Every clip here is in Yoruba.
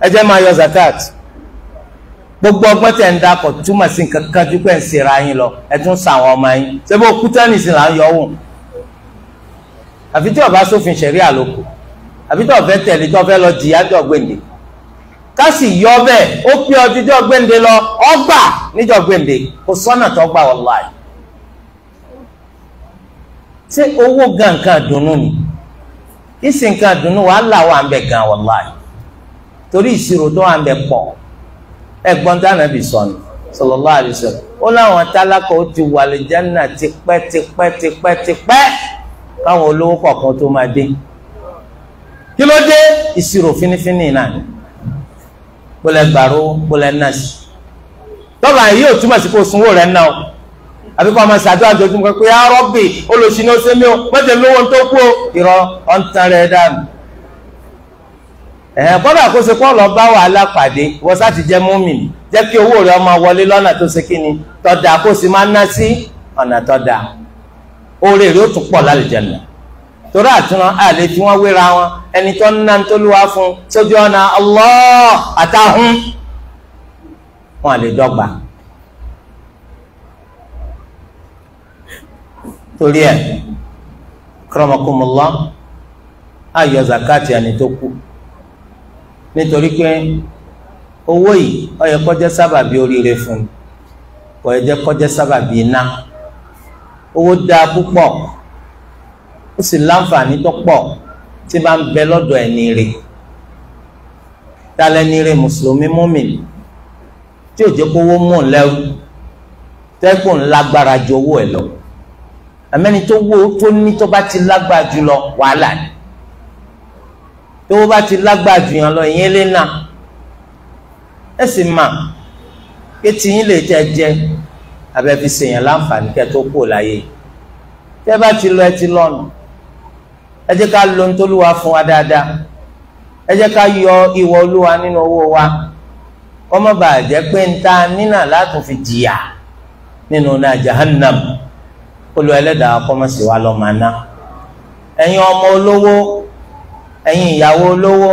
ẹ máa yọ zakat gbogbo ọgbọ́n tẹ̀ ń dakọ̀ túmọ̀ sí nǹkan lọ ẹ tún ọmọ yín là ń àfi tí ọba sófin ṣẹ̀rí àlòkù àfi tí ọ̀fẹ́ tẹ̀lé tí ọ̀fẹ́ lọ jìyà lọ ọgbà níjọ gbèǹde kò sọ́nà tó gbà ṣé owó ni kí sì nǹkan dùnú wà ń bẹ gan torí ìṣirò tó wà ń bẹ pọ̀ ẹ̀gbọ́n dáná bì sọnù sallallahu alaihi wasallam ó láwọn tálákà ó ti wà lè jẹnà tipẹ́ tipẹ́ tipẹ́ tipẹ́ káwọn olówó kọ̀ọ̀kan tó máa dé kí ló dé ìṣirò fínífíní náà ni kpọlẹ gbàrú kpọlẹ nọọsì tọ́ba yìí ò túmọ̀ sí kó sunwó rẹ̀ náà àbí kó ọmọ sàdó àjọjú pé ya Rabbi olùsínú sẹ́mi ó mọ̀tẹ́ lówó tó kú ìrọ̀ ọ̀ ń tan rẹ̀ dànù ẹ̀hẹ́n kọ́dà kó ṣe pọ́ lọ bá wàhálà pàdé wọ́n sá ti jẹ́ múmìnì jẹ́ kí owó rẹ̀ ọmọ wọlé lọ́nà tó ṣe kíni tọ́da kó sì máa ná sí ọ̀nà tọ́da oore rẹ̀ ó tún pọ̀ lálùjẹ̀nà torí àtúnná àlè tí wọ́n wéra wọn ẹni tó ń ná tó lúwa fún sójú ọ̀nà Allah àtàhún wọn àlè dọ́gba torí ẹ̀ kọ́mọkùnmọ́lá ayọ̀ zakati ẹni tó kú nítorí pé owó yìí ó yẹ kó jẹ́ sábàbí oríire fún kò yẹ kó jẹ́ sábàbí iná owó dáa púpọ̀ ó sì láǹfààní tó pọ̀ tí máa ń bẹ lọ́dọ̀ ẹni rè tálẹ́ni rè mùsùlùmí mùmínì tí ò jẹ́ kówó mú un lẹ́rú tẹ́kùn lágbára ju owó ẹ̀ lọ àmẹ́ni tó wó tó ní tó bá ti lágbára jù lọ wàhálà ni tó o bá ti lágbàá jù yàn lọ ìyẹn lè nà ẹ sì mà pé tìyín lè tẹ jẹ abẹ fi ṣèyàn láǹfààní kẹ tó kú láyé tẹ bá ti lọ ẹ ti lọnà ẹ jẹ́ ká lo ntòlúwa fún wa dáadáa ẹ jẹ́ ká yọ ìwọ olúwa nínú owó wa kọ́mọ́ bá jẹ́ pé ń nínà látún fi jìyà nínú náà jahannam olú ẹlẹ́dàá kọ́mọ́ sí wa lọ́ọ́ máa ná ẹ̀yin ọmọ olówó ẹ̀yin ìyàwó olówó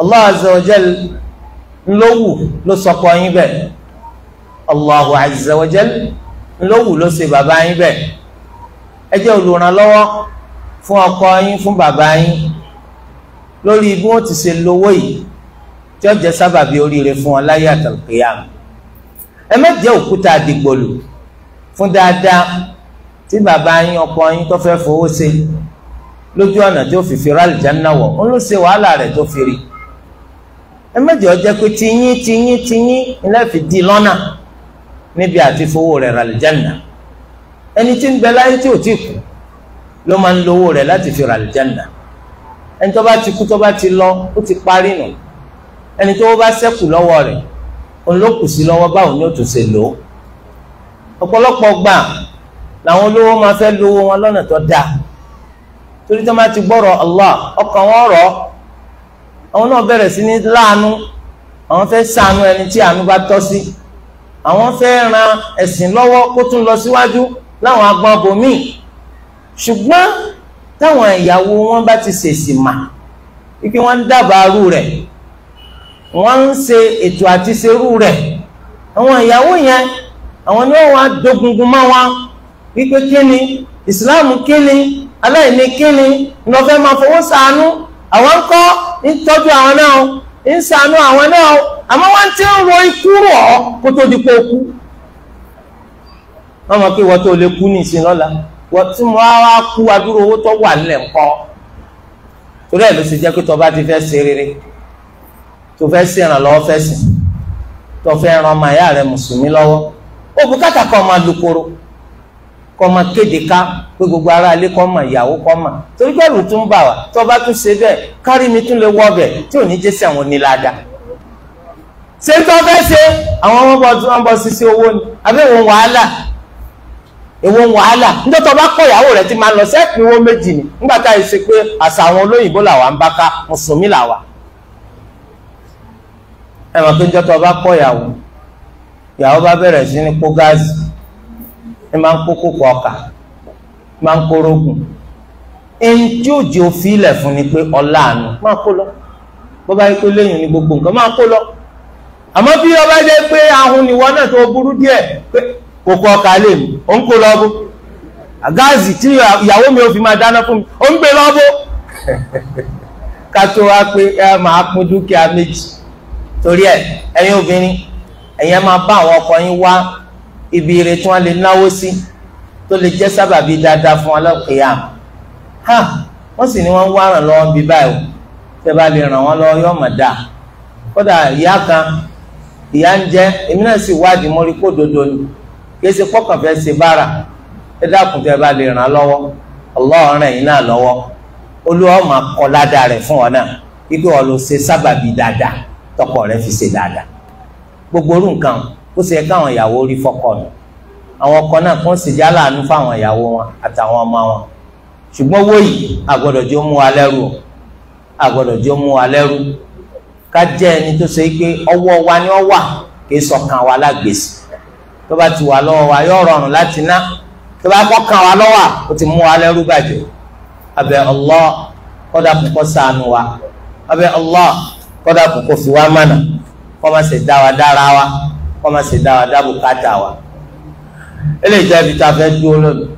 Allah azza wa jal ńlọ́wù ló sọkọ yín bẹ́ẹ̀ Allahu azza wa jal ńlọ́wù ló ṣe bàbá yín bẹ́ẹ̀ ẹ jẹ́ olùrànlọ́wọ́ fún ọkọ yín fún bàbá yín lórí bí wọ́n ti ṣe lówó yìí tí ó jẹ́ sábàbí oríire fún ọ láyé àtàlùkìyà ẹ má jẹ́ òkúta àdìgbòlù fún dáadáa tí bàbá yín ọkọ yín tó fẹ́ fowó ṣe lójú ọ̀nà tí ó fi fi rálì jáná wọ̀ ó ló ṣe wàhálà rẹ̀ tó fi rí ẹ mẹ́jọ jẹ́ pé tiyín tiyín tiyín ilé fi di lọ́nà níbi àti fowó rẹ̀ rálì jáná ẹni tí ń bẹ láyé tí ò tí kù ló máa ń lówó rẹ̀ láti fi rálì jáná ẹni tó bá ti kú tó bá ti lọ ó ti parí nù ẹni tó bá ṣẹ́kù lọ́wọ́ rẹ̀ òun sí lọ́wọ́ báwo ni ó tún ṣe lò ó ọ̀pọ̀lọpọ̀ gbà làwọn olówó máa fẹ́ lówó wọn lọ́nà tó dáa torí tó máa ti gbọ́rọ̀ Allah ọkàn wọn rọ̀ àwọn náà bẹ̀rẹ̀ sí ní láàánú àwọn fẹ́ ṣàánú ẹni tí àánú bá tọ́ sí àwọn fẹ́ ran ẹ̀sìn lọ́wọ́ kó tún lọ síwájú láwọn agbọn bòmíì ṣùgbọ́n táwọn ìyàwó wọn bá ti ṣèṣì mà wípé wọ́n ń dábàá rú rẹ̀ wọ́n ń ṣe ètò àti ṣerú rẹ̀ àwọn ìyàwó yẹn àwọn ni wọ́n wá dogungun mọ́ wọn wípé kíni ìsìláàmù kíni aláìní kíni lọ́fẹ́ máa fowó sànú àwọn ń kọ́ ń tọ́jú àwọn náà ń sànú àwọn náà àmọ́ wọ́n ti ń ro ikú rọ̀ kó tó di pé ó kú wọ́n mọ̀ pé wọ́n tó lè kú ní ìsìn lọ́la wọ́n tí mo kú adúrò owó tó wà nílẹ̀ ńkọ́ torí ẹ̀ ló ṣe jẹ́ pé bá ti kọ́ máa kéde ká pé gbogbo ará ilé kọ́ mọ̀ ìyàwó kọ́ mọ̀ torí pẹ̀lú tó ń bà wá tó bá tún ṣe bẹ́ẹ̀ kárí mi tún lè wọ́ ọbẹ̀ tí ò ní jẹ́ sí àwọn onílàdà. ṣé tó fẹ́ ṣe àwọn ọmọ bọ́ tí wọ́n bọ́ sí sí owó ni àbí ìwọ̀n wàhálà ìwọ̀n wàhálà níjọ́ tó bá kọ́ ìyàwó rẹ̀ ti máa lọ sẹ́ẹ̀pì owó méjì ni nígbà tá a ṣe pé àṣà àwọn olóyìnbó làwa ń bá ká mùsùlùmí làwa. ẹ mọ̀ pé níjọ́ tó bá kọ́ ìyàwó ìyàwó bá bẹ̀rẹ̀ sí ní kó gáàsì ẹ máa ń kó kókó ọkà máa ń kórógùn ẹni tí ó jẹ òfin ilẹ̀ fún ni pé ọlá àánú máa kó lọ bó bá yẹ pé gbogbo nǹkan máa kó lọ àmọ́ bí ọba jẹ́ pé ahun ni wọn náà tó burú díẹ̀ pé kókó ọkà lè mú ó ń kó lọ bó àgáàzì tí ìyàwó mi ò fi máa dáná fún mi ó ń gbé lọ bó ká tó wá pé ẹ máa pín dúkìá méjì torí ibi ire tí wọ́n lè náwó sí tó lè jẹ́ sábàbí dáadáa fún wọn lọ́kìyà ha wọ́n sì ní wọ́n ń wá ràn lọ́wọ́ bí báyìí o bá lè ràn wọ́n lọ́wọ́ yóò mọ̀ dáa kódà ìyá kan ìyá ń èmi náà dodo ni kìí ṣe pọ́kàn fẹ́ ṣe bára ẹ dákun tẹ́ bá lè ràn lọ́wọ́ ọlọ́run ẹ̀yin náà lọ́wọ́ olúwa kọ ládàá rẹ̀ fún ọ náà ibi wọn se ṣe sábàbí dáadáa tọkọ rẹ fi ṣe dáadáa gbogbo orú nǹkan ó sì yẹ káwọn ìyàwó rí fọ́kọ nù àwọn ọkọ náà kàn sì jẹ́ aláàánú fáwọn ìyàwó wọn àtàwọn ọmọ wọn ṣùgbọ́n owó yìí àgbọ́dọ̀ jẹ́ mú wa lẹ́rù àgbọ́dọ̀ jẹ́ mú wa lẹ́rù ká jẹ́ ẹni tó ṣe pé ọwọ́ wa ni ó wà kì í sọkàn wa lágbèsè tó bá ti wà lọ́wọ́ wa yóò rọrùn láti ná tó bá kọ́kàn wa lọ́wọ́ ó ti mú wa lẹ́rù bàjẹ́ abẹ́ Allah kọ́dà kókó ṣàánú wa abẹ́ Allah kọ́dà kókó fi wá mánà kọ́ má ṣe dá wa dára wa kọ́mọ̀sí dáadáa bùkátà wa eléyìí jẹ́ ibi tá a fẹ́ dúró lónìí.